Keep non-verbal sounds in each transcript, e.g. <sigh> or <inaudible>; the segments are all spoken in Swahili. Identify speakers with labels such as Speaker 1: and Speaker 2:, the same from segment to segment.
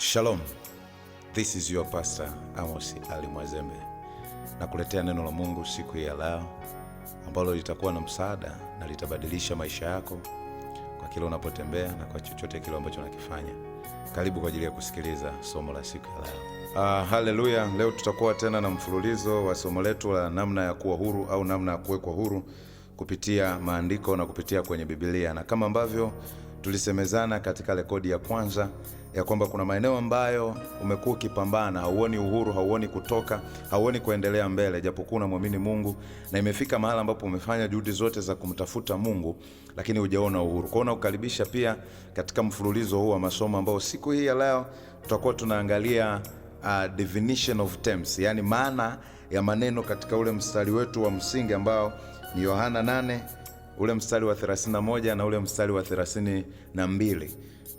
Speaker 1: Shalom. This is your pastor Amos Ali Mwazembe. Nakuletea neno la Mungu siku ya leo ambalo litakuwa na msaada na litabadilisha maisha yako kwa kile unapotembea na kwa chochote kile ambacho unakifanya. Karibu kwa ajili ya kusikiliza somo la siku ya leo. Ah, haleluya. Leo tutakuwa tena na mfululizo wa somo letu la namna ya kuwa huru au namna ya kuwekwa huru kupitia maandiko na kupitia kwenye Biblia. Na kama ambavyo tulisemezana katika rekodi ya kwanza ya kwamba kuna maeneo ambayo umekuwa ukipambana, hauoni uhuru, hauoni kutoka, hauoni kuendelea mbele, japokuwa unamwamini Mungu na imefika mahala ambapo umefanya juhudi zote za kumtafuta Mungu, lakini hujaona uhuru. Kwaona kukaribisha pia katika mfululizo huu wa masomo ambao siku hii ya leo tutakuwa tunaangalia uh, definition of terms, yani maana ya maneno katika ule mstari wetu wa msingi ambao ni Yohana 8 ule mstari wa 31 na ule mstari wa 32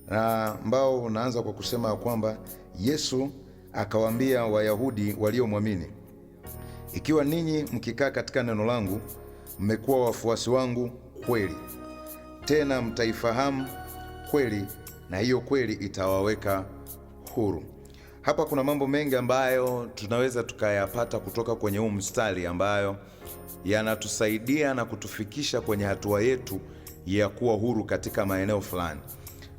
Speaker 1: na ambao unaanza kwa kusema kwamba Yesu akawaambia Wayahudi waliomwamini, ikiwa ninyi mkikaa katika neno langu, mmekuwa wafuasi wangu kweli, tena mtaifahamu kweli, na hiyo kweli itawaweka huru hapa kuna mambo mengi ambayo tunaweza tukayapata kutoka kwenye huu mstari ambayo yanatusaidia na kutufikisha kwenye hatua yetu ya kuwa huru katika maeneo fulani.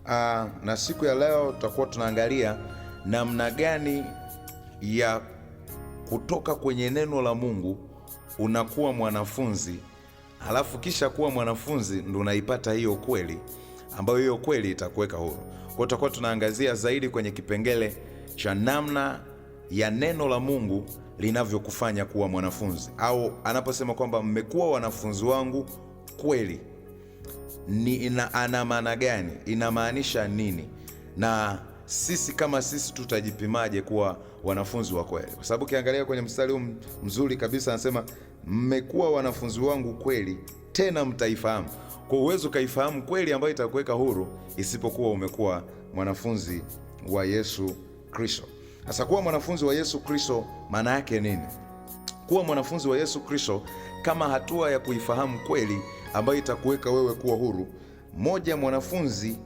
Speaker 1: Aa, ah, na siku ya leo tutakuwa tunaangalia namna gani ya kutoka kwenye neno la Mungu unakuwa mwanafunzi, halafu kisha kuwa mwanafunzi ndo unaipata hiyo kweli, ambayo hiyo kweli itakuweka huru. Kwa tutakuwa tunaangazia zaidi kwenye kipengele cha namna ya neno la Mungu linavyokufanya kuwa mwanafunzi, au anaposema kwamba mmekuwa wanafunzi wangu kweli, ni ina ana maana gani? Inamaanisha nini? Na sisi kama sisi tutajipimaje kuwa wanafunzi wa kweli? Kwa sababu ukiangalia kwenye mstari huu mzuri kabisa anasema mmekuwa wanafunzi wangu kweli, tena mtaifahamu. Kwa uwezo ukaifahamu kweli ambayo itakuweka huru, isipokuwa umekuwa mwanafunzi wa Yesu Kristo. Sasa kuwa mwanafunzi wa Yesu Kristo maana yake nini? Kuwa mwanafunzi wa Yesu Kristo kama hatua ya kuifahamu kweli ambayo itakuweka wewe kuwa huru. Moja, mwanafunzi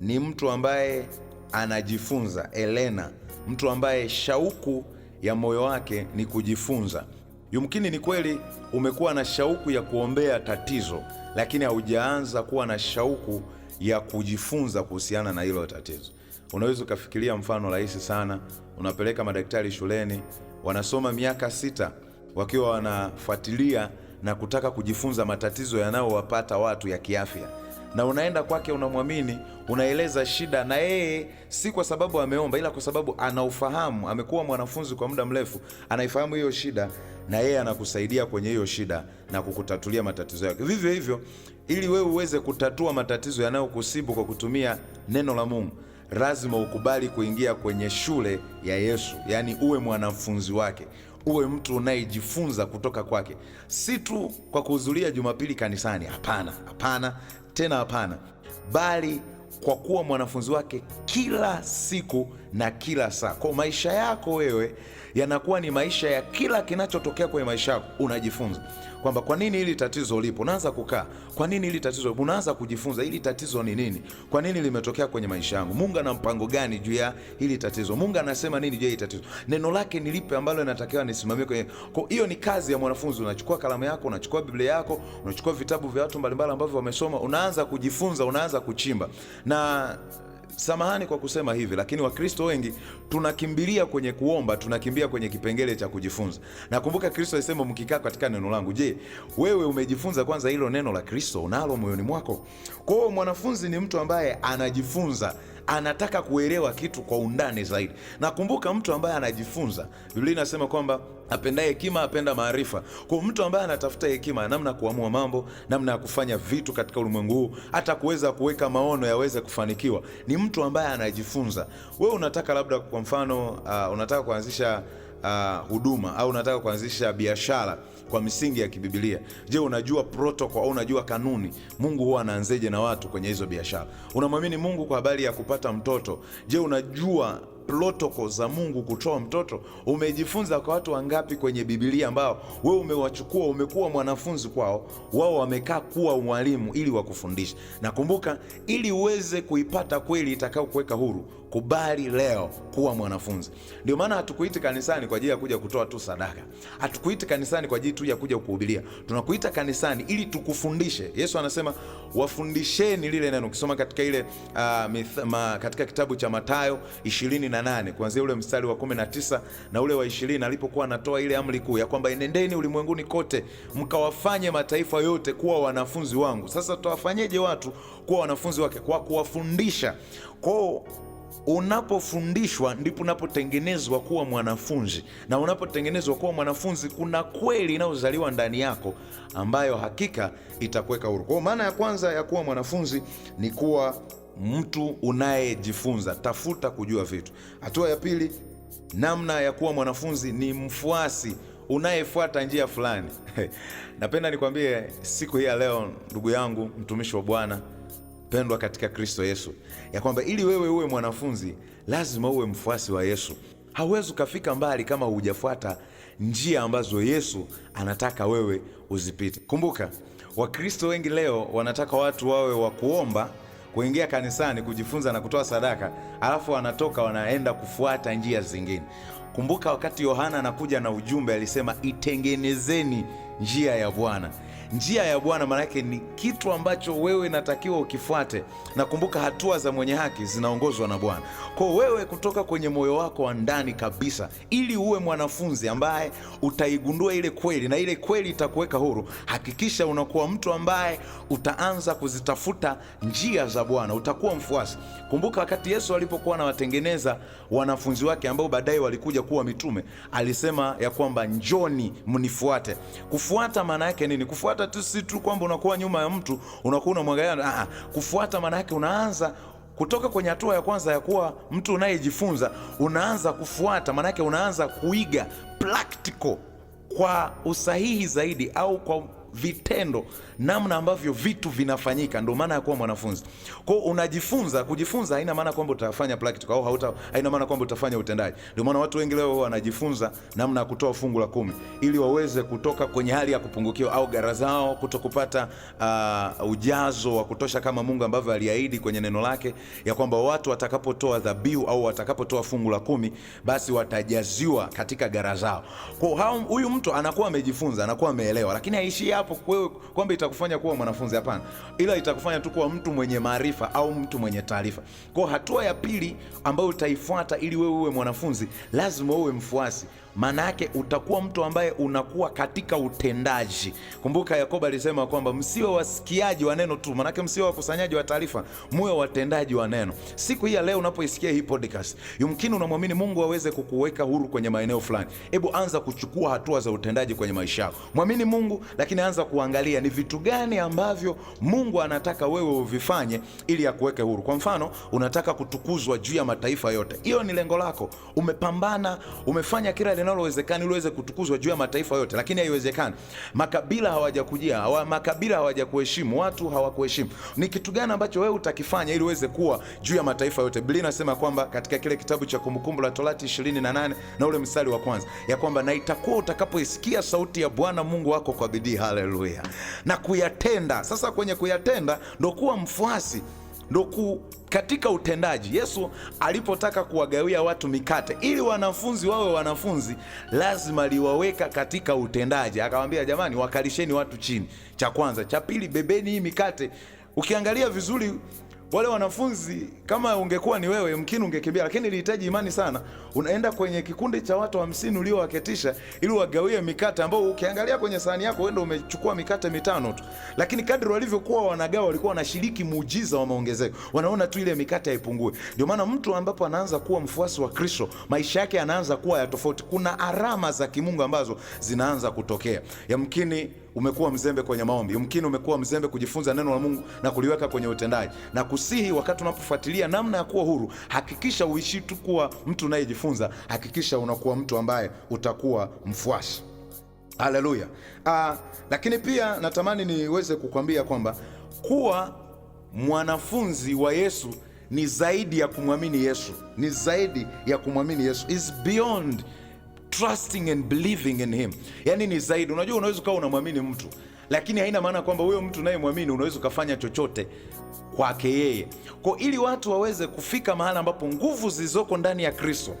Speaker 1: ni mtu ambaye anajifunza, Elena, mtu ambaye shauku ya moyo wake ni kujifunza. Yumkini ni kweli umekuwa na shauku ya kuombea tatizo, lakini haujaanza kuwa na shauku ya kujifunza kuhusiana na hilo tatizo. Unaweza ukafikiria mfano rahisi sana, unapeleka madaktari shuleni, wanasoma miaka sita wakiwa wanafuatilia na kutaka kujifunza matatizo yanayowapata watu ya kiafya, na unaenda kwake, unamwamini, unaeleza shida, na yeye si kwa sababu ameomba, ila kwa sababu anaufahamu, amekuwa mwanafunzi kwa muda mrefu, anaifahamu hiyo shida, na yeye anakusaidia kwenye hiyo shida na kukutatulia matatizo yake. Vivyo hivyo, ili wewe uweze kutatua matatizo yanayokusibu kwa kutumia neno la Mungu lazima ukubali kuingia kwenye shule ya Yesu, yaani uwe mwanafunzi wake, uwe mtu unayejifunza kutoka kwake, si tu kwa kuhudhuria Jumapili kanisani. Hapana, hapana tena hapana, bali kwa kuwa mwanafunzi wake kila siku na kila saa. Kwa maisha yako wewe yanakuwa ni maisha ya kila kinachotokea kwenye maisha yako unajifunza kwamba kwa nini hili tatizo lipo, unaanza kukaa, kwa nini hili tatizo, unaanza kujifunza hili tatizo ni nini, kwa nini limetokea kwenye maisha yangu, Mungu ana mpango gani juu ya hili tatizo, Mungu anasema nini juu ya hili tatizo, neno lake ni lipi ambalo inatakiwa nisimamie kwenye. Kwa hiyo ni kazi ya mwanafunzi, unachukua kalamu yako, unachukua Biblia yako, unachukua vitabu vya watu mbalimbali ambavyo wamesoma, unaanza kujifunza, unaanza kuchimba na samahani kwa kusema hivi, lakini Wakristo wengi tunakimbilia kwenye kuomba, tunakimbia kwenye kipengele cha kujifunza. Nakumbuka Kristo alisema mkikaa katika neno langu. Je, wewe umejifunza kwanza hilo neno la Kristo? Unalo moyoni mwako? Kwa hiyo mwanafunzi ni mtu ambaye anajifunza anataka kuelewa kitu kwa undani zaidi. Nakumbuka mtu ambaye anajifunza, Biblia inasema kwamba apendaye hekima apenda maarifa. Kwa mtu ambaye anatafuta hekima, namna ya kuamua mambo, namna ya kufanya vitu katika ulimwengu huu, hata kuweza kuweka maono yaweze kufanikiwa, ni mtu ambaye anajifunza. Wewe unataka labda, kwa mfano uh, unataka kuanzisha uh, huduma au unataka kuanzisha biashara kwa misingi ya kibibilia, je, unajua protocol au unajua kanuni? Mungu huwa anaanzeje na watu kwenye hizo biashara? Unamwamini Mungu kwa habari ya kupata mtoto, je, unajua protocol za Mungu kutoa mtoto? Umejifunza kwa watu wangapi kwenye Biblia ambao wewe umewachukua, umekuwa mwanafunzi kwao, wao wamekaa kuwa mwalimu ili wakufundishe? nakumbuka ili uweze kuipata kweli itakayokuweka huru, Kubali leo kuwa mwanafunzi. Ndio maana hatukuiti kanisani kwa ajili ya kuja kutoa tu sadaka, hatukuiti kanisani kwa ajili tu ya kuja kuhubiria, tunakuita kanisani ili tukufundishe. Yesu anasema wafundisheni lile neno. Ukisoma katika ile uh, mith, ma, katika kitabu cha Mathayo 28 kuanzia ule mstari wa 19 na ule wa 20 alipokuwa anatoa ile amri kuu ya kwamba enendeni ulimwenguni kote mkawafanye mataifa yote kuwa wanafunzi wangu. Sasa tutawafanyeje watu kuwa wanafunzi wake? Kwa kuwafundisha kwao Unapofundishwa ndipo unapotengenezwa kuwa mwanafunzi, na unapotengenezwa kuwa mwanafunzi, kuna kweli inayozaliwa ndani yako ambayo hakika itakuweka huru. Kwa maana ya kwanza ya kuwa mwanafunzi ni kuwa mtu unayejifunza, tafuta kujua vitu. Hatua ya pili, namna ya kuwa mwanafunzi ni mfuasi unayefuata njia fulani. <laughs> Napenda nikwambie siku hii ya leo, ndugu yangu, mtumishi wa Bwana mpendwa katika Kristo Yesu, ya kwamba ili wewe uwe mwanafunzi lazima uwe mfuasi wa Yesu. Hauwezi ukafika mbali kama hujafuata njia ambazo Yesu anataka wewe uzipite. Kumbuka, Wakristo wengi leo wanataka watu wawe wa kuomba, kuingia kanisani, kujifunza na kutoa sadaka, alafu wanatoka wanaenda kufuata njia zingine. Kumbuka wakati Yohana anakuja na ujumbe, alisema itengenezeni njia ya Bwana. Njia ya Bwana maanake ni kitu ambacho wewe natakiwa ukifuate, na kumbuka, hatua za mwenye haki zinaongozwa na Bwana. Kwa wewe kutoka kwenye moyo wako wa ndani kabisa, ili uwe mwanafunzi ambaye utaigundua ile kweli na ile kweli itakuweka huru, hakikisha unakuwa mtu ambaye utaanza kuzitafuta njia za Bwana, utakuwa mfuasi. Kumbuka wakati Yesu alipokuwa anawatengeneza wanafunzi wake ambao baadaye walikuja kuwa mitume, alisema ya kwamba njoni mnifuate. Kufuata maana yake nini? Kufuata kufuata tu, si tu kwamba unakuwa nyuma ya mtu unakuwa unamwangalia. Ah, ah, kufuata maana yake unaanza kutoka kwenye hatua ya kwanza ya kuwa mtu unayejifunza, unaanza kufuata, yake unaanza kuiga practical kwa usahihi zaidi, au kwa vitendo, namna ambavyo vitu vinafanyika, ndio maana ya kuwa mwanafunzi. Kwa hiyo unajifunza. Kujifunza haina maana kwamba utafanya practical au hauta, haina maana kwamba utafanya utendaji. Ndio maana watu wengi leo wanajifunza namna ya kutoa fungu la kumi ili waweze kutoka kwenye hali ya kupungukiwa au gara zao kutokupata uh, ujazo wa kutosha kama Mungu ambavyo aliahidi kwenye neno lake ya kwamba watu watakapotoa dhabihu au watakapotoa fungu la kumi basi watajaziwa katika gara zao. Kwa hiyo huyu mtu anakuwa amejifunza, anakuwa ameelewa, lakini aishi hapo wewe kwamba itakufanya kuwa mwanafunzi, hapana, ila itakufanya tu kuwa mtu mwenye maarifa au mtu mwenye taarifa. Kwa hatua ya pili ambayo utaifuata ili wewe uwe mwanafunzi, lazima uwe mfuasi maana yake utakuwa mtu ambaye unakuwa katika utendaji. Kumbuka Yakobo alisema kwamba msiwe wasikiaji wa neno tu, maanake msiwe wakusanyaji wa taarifa, muwe watendaji wa neno. Siku hii ya leo unapoisikia hii podcast, yumkini unamwamini Mungu aweze kukuweka huru kwenye maeneo fulani. Hebu anza kuchukua hatua za utendaji kwenye maisha yako, mwamini Mungu, lakini anza kuangalia ni vitu gani ambavyo Mungu anataka wewe uvifanye ili akuweke huru. Kwa mfano, unataka kutukuzwa juu ya mataifa yote, hiyo ni lengo lako, umepambana, umefanya kila linalowezekana ili uweze kutukuzwa juu ya mataifa yote, lakini haiwezekani. Makabila hawajakujia hawa, makabila hawajakuheshimu, watu hawakuheshimu. Ni kitu gani ambacho wewe utakifanya ili uweze kuwa juu ya mataifa yote? Biblia inasema kwamba katika kile kitabu cha Kumbukumbu la Torati 28 na ule mstari wa kwanza ya kwamba na itakuwa utakapoisikia sauti ya Bwana Mungu wako kwa bidii, haleluya, na kuyatenda. Sasa kwenye kuyatenda ndo kuwa mfuasi ndoku katika utendaji. Yesu alipotaka kuwagawia watu mikate ili wanafunzi wawe wanafunzi, lazima aliwaweka katika utendaji. Akawambia, jamani, wakalisheni watu chini, cha kwanza. Cha pili, bebeni hii mikate. Ukiangalia vizuri wale wanafunzi, kama ungekuwa ni wewe, mkini ungekimbia, lakini ilihitaji imani sana. Unaenda kwenye kikundi cha watu hamsini uliowaketisha ili wagawie mikate, ambao ukiangalia kwenye sahani yako wewe umechukua mikate mitano tu, lakini kadri walivyokuwa wanagawa, walikuwa wanashiriki muujiza wa maongezeko, wanaona tu ile mikate haipungui. Ndio maana mtu ambapo anaanza kuwa mfuasi wa Kristo, maisha yake anaanza kuwa ya tofauti. Kuna alama za kimungu ambazo zinaanza kutokea, yamkini umekuwa mzembe kwenye maombi, umkini umekuwa mzembe kujifunza neno la Mungu na kuliweka kwenye utendaji. Na kusihi wakati unapofuatilia namna ya kuwa huru, hakikisha uishi tu kuwa mtu unayejifunza, hakikisha unakuwa mtu ambaye utakuwa mfuasi. Haleluya! Ah, lakini pia natamani niweze kukwambia kwamba kuwa mwanafunzi wa Yesu ni zaidi ya kumwamini Yesu, ni zaidi ya kumwamini Yesu, is beyond trusting and believing in him. Yani ni zaidi. Unajua, unaweza ukawa unamwamini mtu, lakini haina maana kwamba huyo mtu unayemwamini unaweza ukafanya chochote kwake yeye. Kwa ili watu waweze kufika mahala ambapo nguvu zilizoko ndani ya Kristo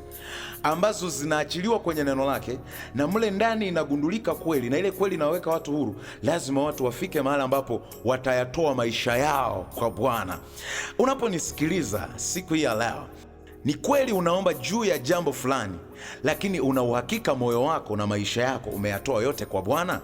Speaker 1: ambazo zinaachiliwa kwenye neno lake na mle ndani inagundulika kweli na ile kweli inawaweka watu huru, lazima watu wafike mahala ambapo watayatoa maisha yao kwa Bwana. Unaponisikiliza siku hii ya leo, ni kweli unaomba juu ya jambo fulani lakini una uhakika moyo wako na maisha yako umeyatoa yote kwa Bwana?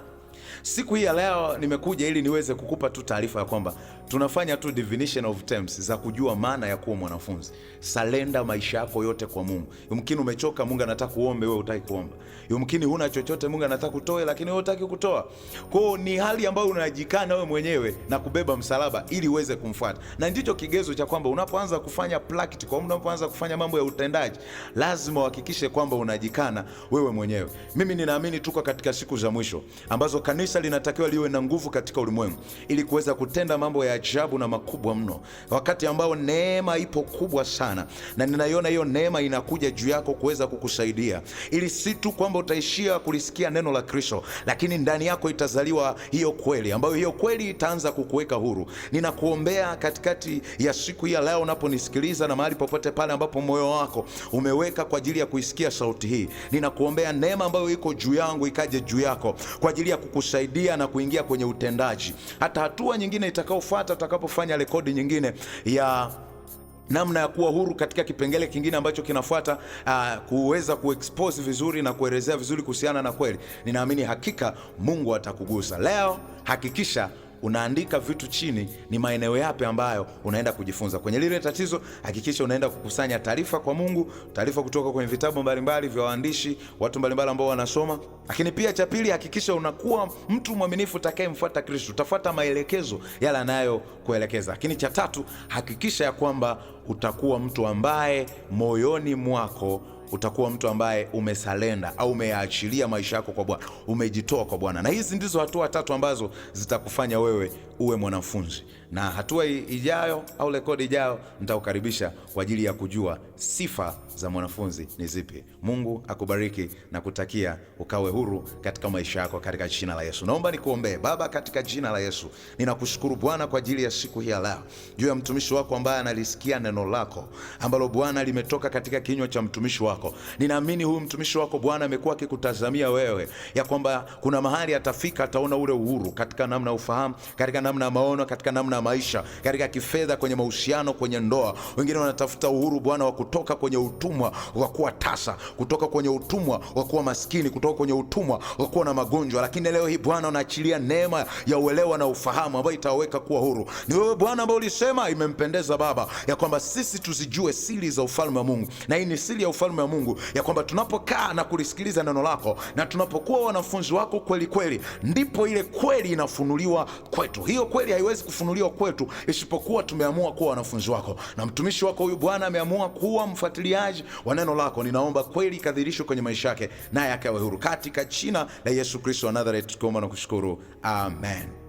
Speaker 1: Siku hii ya leo nimekuja ili niweze kukupa tu taarifa ya kwamba tunafanya tu definition of terms za kujua maana ya kuwa mwanafunzi. Salenda maisha yako yote kwa Mungu. Yumkini umechoka, Mungu anataka uombe, wewe hutaki kuomba. Yumkini huna chochote, Mungu anataka kutoe, lakini wewe utaki kutoa. Kwao ni hali ambayo unajikana wewe mwenyewe na kubeba msalaba ili uweze kumfuata, na ndicho kigezo cha kwamba unapoanza kufanya practical, unapoanza kufanya mambo ya utendaji, lazima uhakikishe kwamba unajikana wewe mwenyewe. Mimi ninaamini tuko katika siku za mwisho ambazo kanisa linatakiwa liwe na nguvu katika ulimwengu ili kuweza kutenda mambo ya ajabu na makubwa mno, wakati ambao neema ipo kubwa sana, na ninaiona hiyo neema inakuja juu yako kuweza kukusaidia, ili si tu kwamba utaishia kulisikia neno la Kristo, lakini ndani yako itazaliwa hiyo kweli, ambayo hiyo kweli itaanza kukuweka huru. Ninakuombea katikati ya siku hii ya leo, unaponisikiliza na mahali popote pale ambapo moyo wako umeweka kwa ajili ya kuisikia sauti hii, ninakuombea neema ambayo iko juu yangu ikaje juu yako kwa ajili ya kukusaidia na kuingia kwenye utendaji, hata hatua nyingine itakayofuata hata tutakapofanya rekodi nyingine ya namna ya kuwa huru katika kipengele kingine ambacho kinafuata, uh, kuweza kuexpose vizuri na kuelezea vizuri kuhusiana na kweli, ninaamini hakika Mungu atakugusa leo. Hakikisha unaandika vitu chini, ni maeneo yapi ambayo unaenda kujifunza kwenye lile tatizo. Hakikisha unaenda kukusanya taarifa kwa Mungu, taarifa kutoka kwenye vitabu mbalimbali vya waandishi, watu mbalimbali ambao wanasoma. Lakini pia cha pili, hakikisha unakuwa mtu mwaminifu utakayemfuata Kristo, utafuata maelekezo yale anayokuelekeza. Lakini cha tatu, hakikisha ya kwamba utakuwa mtu ambaye moyoni mwako utakuwa mtu ambaye umesalenda au umeyaachilia maisha yako kwa Bwana, umejitoa kwa Bwana, na hizi ndizo hatua tatu ambazo zitakufanya wewe uwe mwanafunzi na hatua ijayo au rekodi ijayo nitakukaribisha kwa ajili ya kujua sifa za mwanafunzi ni zipi. Mungu akubariki na kutakia ukawe huru katika maisha yako katika jina la Yesu. Naomba nikuombee. Baba, katika jina la Yesu ninakushukuru Bwana kwa ajili ya siku hii leo, juu ya mtumishi wako ambaye analisikia neno lako ambalo Bwana limetoka katika kinywa cha mtumishi wako. Ninaamini huyu mtumishi wako Bwana amekuwa akikutazamia wewe, ya kwamba kuna mahali atafika, ataona ule uhuru katika namna ufahamu, katika namna maono, katika namna na maisha, katika kifedha, kwenye mahusiano, kwenye ndoa. Wengine wanatafuta uhuru Bwana wa kutoka kwenye utumwa wa kuwa tasa, kutoka kwenye utumwa wa kuwa maskini, kutoka kwenye utumwa wa kuwa na magonjwa. Lakini leo hii Bwana unaachilia neema ya uelewa na ufahamu ambayo itaweka kuwa huru. Ni wewe Bwana ambaye ulisema imempendeza Baba ya kwamba sisi tuzijue siri za ufalme wa Mungu, na hii ni siri ya ufalme wa Mungu ya kwamba tunapokaa na kulisikiliza neno lako na tunapokuwa wanafunzi wako kweli kweli, ndipo ile kweli inafunuliwa kwetu. Hiyo kweli haiwezi kufunuliwa kuelewa kwetu, isipokuwa tumeamua kuwa wanafunzi wako, na mtumishi wako huyu Bwana ameamua kuwa mfuatiliaji wa neno lako. Ninaomba kweli ikadhirishwe kwenye maisha yake, naye akawe huru, katika jina la Yesu Kristo wa Nazareti tukiomba na kushukuru, amen.